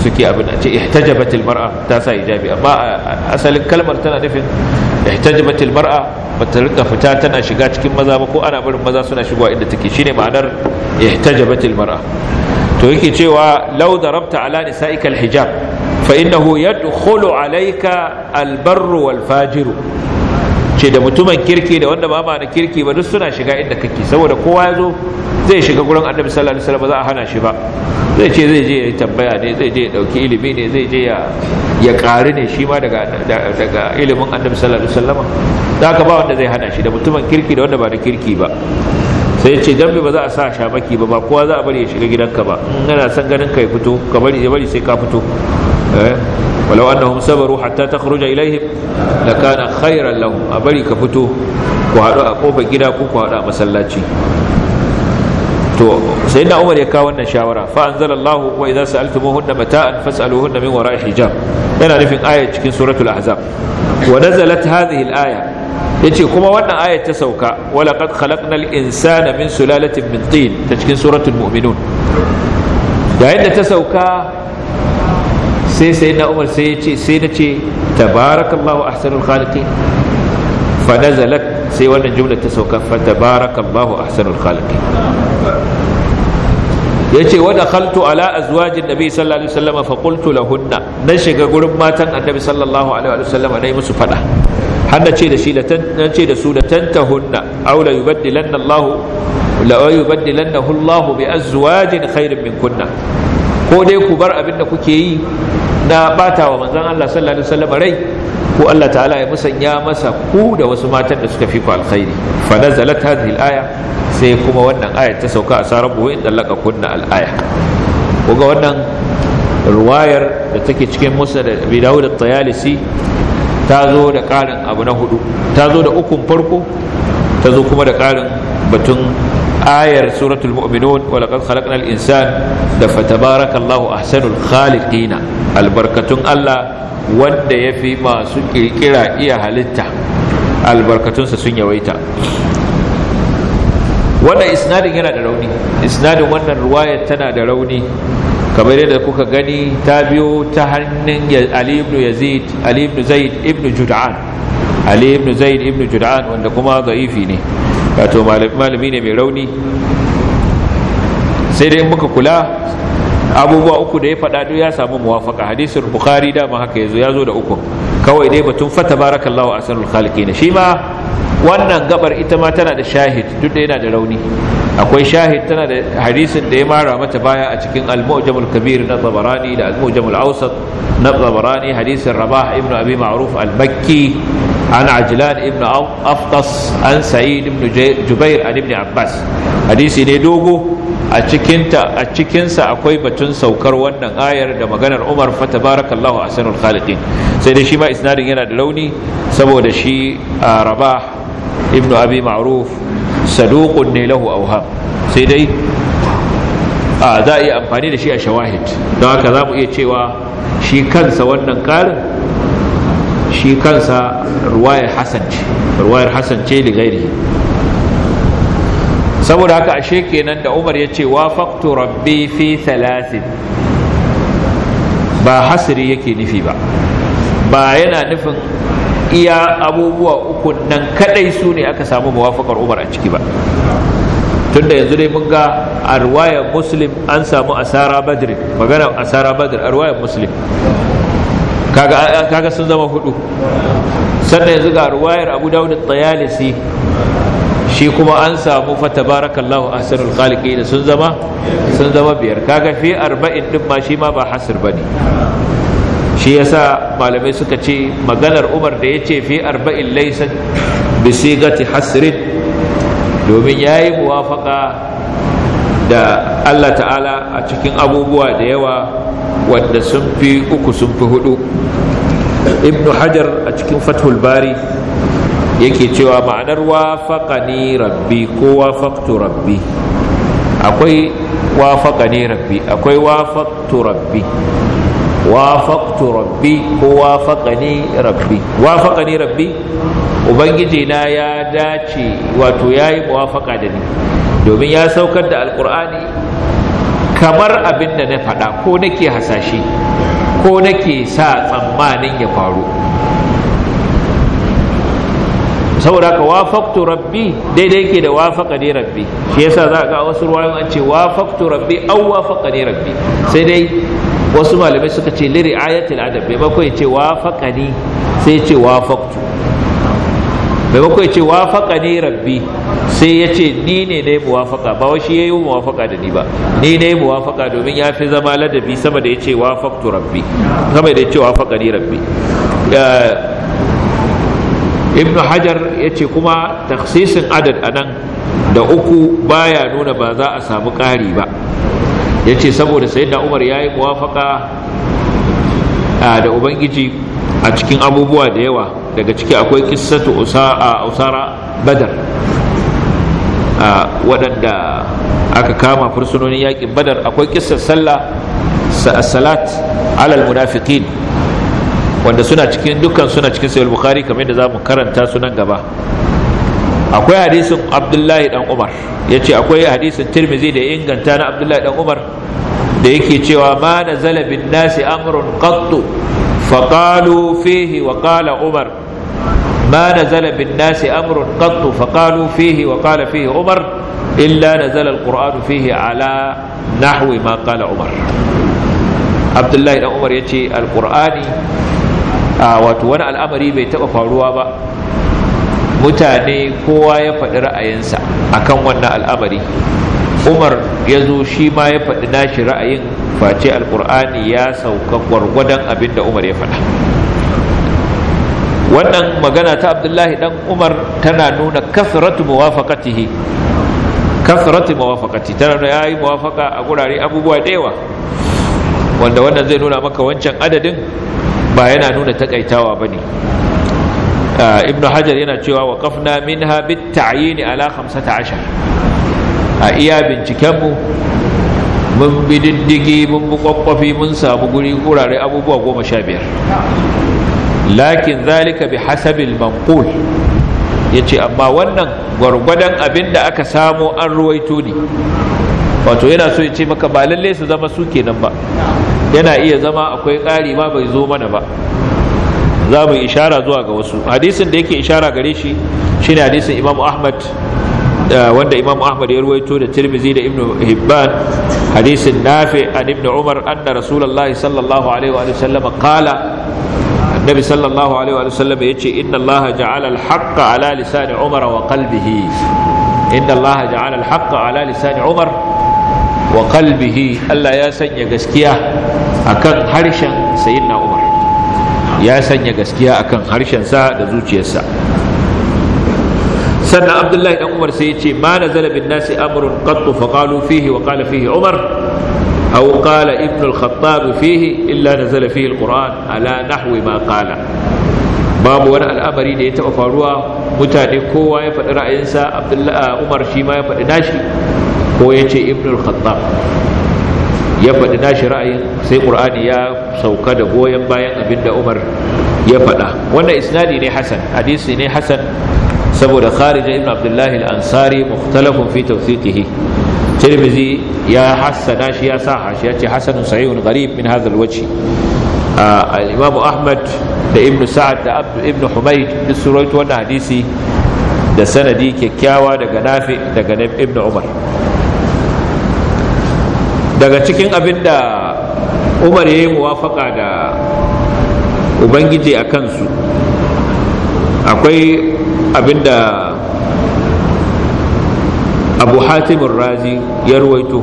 suke abin a ce ihtajabatil mar'a ta sa hijabi amma asalin kalmar tana nufin ihtajabatil mar'a bata rika fita tana shiga cikin maza ba ko ana barin maza suna shigowa inda take shine ma'anar ihtajabatil mar'a to yake cewa law darabta ala nisa'ika alhijab فإنه يدخل عليك البر والفاجر ce da mutumin kirki da wanda ba ma kirki ba duk suna shiga inda kake saboda kowa ya zo zai shiga gurin annabi sallallahu alaihi wasallam ba za a hana shi ba zai ce zai je ya tambaya ne zai je ya dauki ilimi ne zai je ya ya ƙari ne shi ma daga daga ilimin annabi sallallahu alaihi wasallam da haka ba wanda zai hana shi da mutumin kirki da wanda ba da kirki ba sai ce dambe ba za a sa shamaki ba ba kowa za a bari ya shiga gidanka ba in yana son ganin ka ya fito ka bari ya bari sai ka fito Eh? walau annahum sabaru hatta takhruja ilaihim lakana khairan lahum a bari ka fito ku haɗu a kofar gida ko ku haɗu a masallaci to umar ya kawo wannan shawara fa anzalallahu wa idza sa'altumuhunna mata'an fas'aluhunna min wara'i hijab yana nufin aya cikin suratul ahzab wa nazalat hadhihi al-aya yace kuma wannan aya ta sauka wa laqad khalaqnal insana min sulalatin min tin ta cikin suratul mu'minun yayin da ta sauka sai sai na umar sai ya ce sai na ce tabarakallahu ahsanul khaliqin fa nazalat sai wannan jumla ta sauka fa tabarakallahu ahsanul khaliqin yace wa dakhaltu ala azwajin nabi sallallahu alaihi wasallam fa qultu lahunna dan shiga gurin matan annabi sallallahu alaihi wasallam dai musu fada hanna ce da shi da tan ce da su da tantahunna aw la yubaddilanna Allahu la yubaddilannahu Allahu bi azwajin khairin min kunna ko dai ku bar abin da kuke yi na bata wa manzon Allah sallallahu alaihi wasallam rai ko Allah ta'ala ya musanya masa ku da wasu matan da suka fi ku alkhairi fa nazalat hadhihi alaya sai kuma wannan aya ta sauka a sarabu inda laka kunna al'aya. Ko ga wannan ruwayar da take cikin Musa da Abi Dawud at-Tayalisi ta zo da ƙarin abu na hudu ta zo da ukun farko ta zo kuma da karin batun ayar suratul mu'minun wa laqad khalaqnal insan da fatabarakallahu ahsanul khaliqina albarkatun Allah wanda yafi masu kirkira iya halitta albarkatunsa sun yawaita wannan isnadin yana da rauni isnadin wannan ruwayar tana da rauni kamar yadda kuka gani ta biyo ta hannun Ali ibn Yazid Ali ibn Zaid ibn Jud'an Ali ibn Zaid ibn Jud'an wanda kuma da'ifi ne wato malami ne mai rauni sai dai muka kula abubuwa uku da ya faɗa duk ya samu muwafaka hadisin bukhari dama haka yazo ya zo da uku kawai dai batun fata barakallahu asrul khaliqina shi ma wannan gabar ita ma tana da shahid duk da yana da rauni akwai shahid tana da hadisin da ya mara mata baya a cikin al-mu'jamul kabir na tabarani da al-mu'jamul awsat na tabarani hadisin rabah Ibnu abi ma'ruf al-bakki عن عجلان ابن أفطس عن سعيد بن جبير عن ابن عباس حديث ne dogo a cikinsa akwai batun saukar wannan ayar da maganar umar fata barakallahu a sanar khalidin sai dai shi ma isnadin yana da launi saboda shi a raba ibnu abi ma'ruf saduqun ne a auham sai dai a za a yi amfani da shi a shawahid don haka za mu iya cewa shi kansa wannan karin shi kansa ruwayar Hassan ce ruwayar Hassan ce gairi saboda haka ashe kenan da umar ya ce wafaktu rabbi fi talatin ba hasiri yake nufi ba ba yana nufin iya abubuwa uku nan kadai su ne aka samu mawafakar umar a ciki ba tunda yanzu dai mun ga a ruwayar muslim an samu asara badr magana asara badr a ruwayar muslim kaga sun zama hudu sannan yanzu ga ruwayar abu dawud tsayalisi shi kuma an samu fa tabarakallahu ahsanul khaliqi da sun zama sun zama biyar kaga fi arba'in din ma shi ma ba hasir bane shi yasa malamai suka ce maganar Umar da yace fi arba'in laysa bi sigati hasrin domin yayi muwafaqa da Allah ta'ala a cikin abubuwa da yawa wanda sun fi uku sun fi hudu ibnu hajar a cikin fathul bari yake cewa ma'anar wafaƙani rabbi ko wafaƙtu rabbi akwai wafaƙani rabbi akwai wafaƙtu rabbi wafaƙtu rabbi ko wafaƙani rabbi wafaƙani rabbi ubangiji na ya dace wato ya yi da ni domin ya saukar da alqur'ani kamar abin da na faɗa ko nake hasashe ko nake sa tsammanin ya faru saboda ka wafaktu rabbi daidai ke da wafaka ne rabbi shi yasa za a ga wasu ruwan an ce wafaktu rabbi aw wafaka ne rabbi sai dai wasu malamai suka ce liri ayatul adab bai bakwai ce wafaka ne sai ce wafaktu maimako ya ce wafaka ne rabbi sai ya ce ni ne na yi muwafaka ba wa shi ya yi muwafaka da ni ba ni na yi muwafaka domin ya fi zama ladabi sama da ya ce wafaktu rabbi sama da ya ce wafaka ne rabbi eh, Ibn hajar ya ce kuma taksisin adad a nan da uku baya nuna ba za a samu ƙari ba ya ce saboda sayyidina umar ya yi muwafaka ah, da ubangiji a cikin abubuwa da yawa daga ciki akwai kissatu usara badar waɗanda aka kama fursunonin yakin badar akwai kissar sallah salat alal munafiqin wanda suna cikin dukkan suna cikin sayar bukhari kamar da za mu karanta su gaba akwai hadisin abdullahi dan umar ya ce akwai hadisin tirmizi da inganta na abdullahi dan umar da yake cewa ma na zalabin nasi amurin qattu فقالوا فيه وقال عمر ما نزل بالناس أمر قط فقالوا فيه وقال فيه عمر إلا نزل القرآن فيه على نحو ما قال عمر عبد الله بن عمر يتي القرآن وتوانا الأمر بيتبقى فاروا mutane kowa ya faɗi ra'ayinsa akan wannan al'amari umar ya zo shi ma ya faɗi nashi ra'ayin face alkur'ani ya sauka gwargwadon abin da umar ya faɗa wannan magana ta abdullahi dan umar tana nuna kasratu muwafaqatihi kasratu muwafaqati tana nuna yayi muwafaqa a gurare abubuwa da yawa wanda wannan zai nuna maka wancan adadin ba yana nuna takaitawa bane ah, ibnu hajar yana cewa waqafna minha bit ta'yin ala 15 a iya bincikenmu mun bi diddigi mun bi kwakwafi mun samu guri wurare abubuwa goma sha biyar lakin zalika bi hasabil manqul ya ce amma wannan gwargwadon abin da aka samu an ruwaito ne wato yana so ya ce maka ba lalle su zama su kenan ba yana iya zama akwai ƙari ma bai zo mana ba za mu ishara zuwa ga wasu hadisin da yake ishara gare shi shine hadisin Imam Ahmad wanda imam ahmad ya ruwaito da tirmizi da ibnu hibban hadisin nafi an ibnu umar anna rasulullahi sallallahu alaihi wa sallam qala النبي صلى الله عليه وسلم يجي إن الله جعل الحق على لسان عمر وقلبه إن الله جعل الحق على لسان عمر وقلبه ألا يا سنيا قسكيا أكن هرشا سيدنا عمر يا سنيا قسكيا أكن هرشا سا دزوتي سا sannan abdullahi dan umar sai ya ce ma nazala bin nasi amrun qattu fa qalu fihi wa qala fihi umar aw qala ibn al-khattab fihi illa nazala fihi al-quran ala nahwi ma qala babu wani al'amari da ya taɓa faruwa mutane kowa ya faɗi ra'ayinsa ah, umar shi ma ya faɗi nashi ko ya ce ibnul khattab ya faɗi nashi ra'ayin sai ƙur'ani ya sauka da goyon bayan abinda umar ya faɗa wannan isnadi ne hasan hadisi ne hasan saboda kharija ibn abdullahi al-ansari mukhtalafun fi tawthiqihi tirmidhi ya hassana shi ya sa shi ya ce hasanun sahihun gharib min hadha al-wajh ah, al-imam ahmad da ibn sa'ad da ibn humayd duk su rawaito hadisi da sanadi kyakkyawa daga nafi daga ibn umar daga cikin abinda umar ya yi muwafaka da ubangiji a kansu akwai abinda abu hatim razi ya ruwaito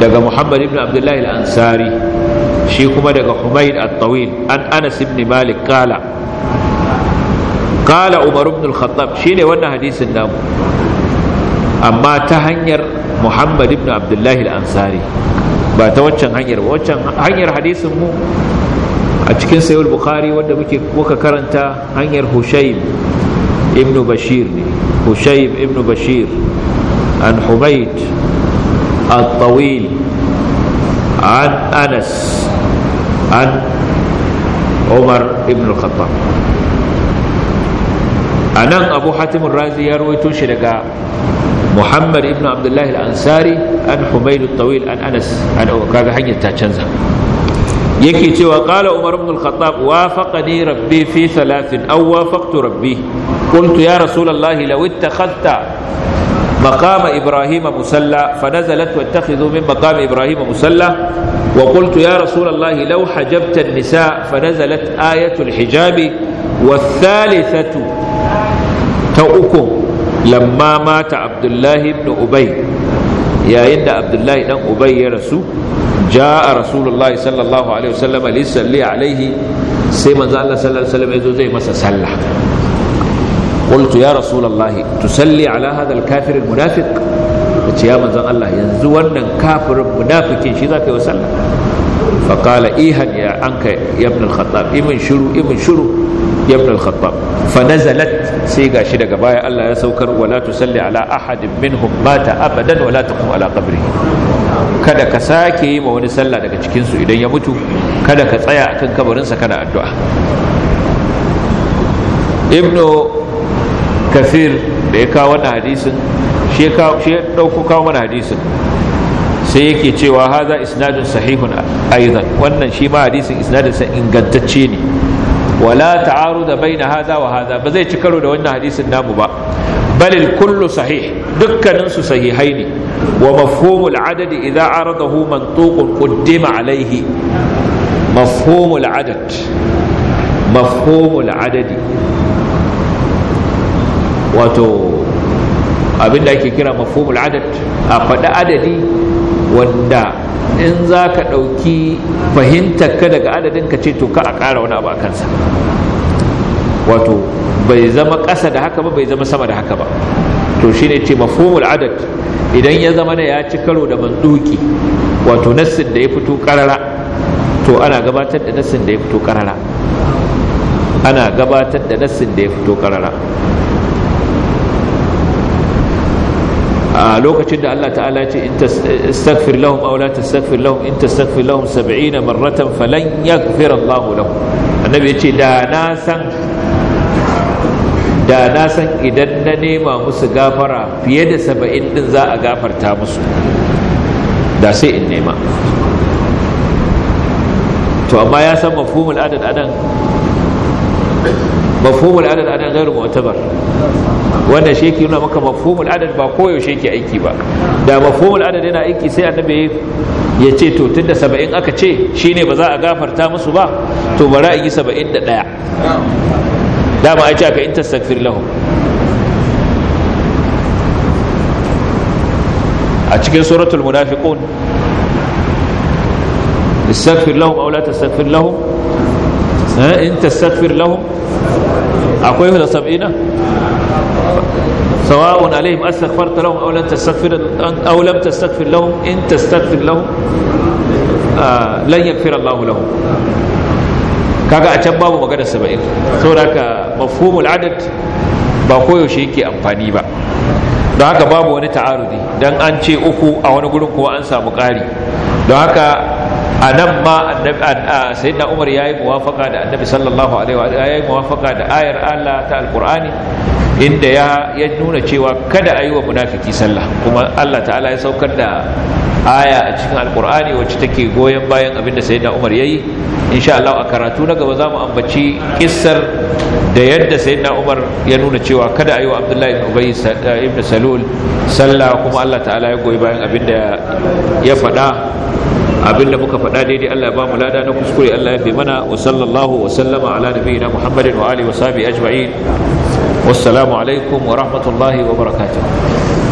daga muhammad ibn abdullahi al-ansari shi kuma daga humayd al-tawil an anas ibn malik kala kala umar ibn al-khattab ne wannan hadisin namu amma ta hanyar muhammad ibn abdullahi al-ansari ba ta waccan hanyar ba waccan hanyar hadisin mu a cikin sayul bukhari wanda muke muka karanta hanyar hushayb ابن بشير هشيب ابن بشير عن حميد الطويل عن أنس عن عمر ابن الخطاب عن أبو حاتم الرازي يروي تشرك محمد ابن عبد الله الأنصاري عن حميد الطويل عن أنس عن كذا حين تاتشنزا يكي وقال عمر بن الخطاب وافقني ربي في ثلاث أو وافقت ربي قلت يا رسول الله لو اتخذت مقام إبراهيم مسلى فنزلت واتخذوا من مقام إبراهيم مسلى وقلت يا رسول الله لو حجبت النساء فنزلت آية الحجاب والثالثة تؤكم لما مات عبد الله بن أبي يا إن عبد الله بن أبي رسول جاء رسول الله صلى الله عليه وسلم ليصلي عليه سيما الله صلى الله عليه وسلم يزوزي مسا سلح قلت يا رسول الله تصلي على هذا الكافر المنافق ce ya manzon Allah yanzu wannan kafirin munafikin shi zaka yi sallah fa qala ihan ya anka ibn al-khattab ibn shuru ibn shuru ibn al-khattab sai gashi daga baya Allah ya saukar wala tusalli ala ahadin minhum mata abadan wala taqum ala qabrihi kada ka sake yi ma wani sallah daga cikin su idan ya mutu kada ka tsaya akan kabarinsa kana addu'a ibnu kafir da ya kawo wannan hadisin shi ya ɗauko kawo mana hadisin sai yake cewa haza isnadun sahihun aizan wannan shi ma hadisin isnadun sa ingantacce ne wala ta'aruda baina haza wa haza ba zai ci karo da wannan hadisin namu ba balil kullu sahih dukkanin su sahihai ne wa mafhumul adadi idza aradahu mantuqun quddima alaihi mafhumul adad mafhumul adadi wato abin da ake kira mafhumul adad a faɗi adadi wanda in za ka ɗauki fahimtar ka daga adadin ka ce to ka a ƙara wani abu a kansa wato bai zama ƙasa da haka ba bai zama sama da haka ba to shine ce mafhumul adad idan ya zama na ya ci karo da manduki wato nassin da ya fito ƙarara to ana gabatar da nassin da ya fito ƙarara. a lokacin da Allah ta'ala ce in tastaghfir lahum aw la tastaghfir lahum in tastaghfir lahum 70 marratan falan yaghfir Allah lahum annabi yace da na san da na san idan na nema musu gafara fiye da 70 din za a gafarta musu da sai in nema to amma ya san mafhumul adad adan mafhumul adad anan ghairu mu'tabar wannan shi maka mafhumul adad ba koyaushe ke aiki ba da mafhumul adad yana aiki sai annabi ya ce to tunda saba'in aka ce shine ba za a gafarta musu ba to bara in yi saba'in da ɗaya dama a ce aka in a cikin استغفر لهم أو لا تستغفر لهم إن تستغفر لهم akwai da sab'ina sawa'un alaihim astaghfarta lahum aw lam tastaghfir aw lam tastaghfir lahum in tastaghfir lahum ah, lan yaghfir Allah lahum kaga a can babu magana saba'in saboda haka mafhumul adad ba koyaushe yake amfani ba don haka babu wani ta'arudi don an ce uku a wani gurin kuma an samu ƙari don haka a nan ma sayyidina umar ya yi muwafaka da annabi sallallahu alaihi wa ya yi muwafaka da ayar Allah ta alkur'ani inda ya nuna cewa kada a yi wa munafiki sallah kuma Allah ta'ala ya saukar da aya a cikin alkur'ani wacce take goyon bayan abin da sayyidina umar ya yi insha Allah a karatu na gaba za mu ambaci kissar da yadda sayyidina umar ya nuna cewa kada a yi wa abdullahi ibn ubayy eh, ibn salul sallah kuma Allah ta'ala ya goyi bayan abin da ya faɗa abinda muka faɗa daidai Allah ya ba mu lada na kuskure Allah ya fi mana wa sallallahu wa sallama ala nabiyina Muhammadin wa alihi wa sahbihi ajma'in wassalamu alaikum wa rahmatullahi wa barakatuh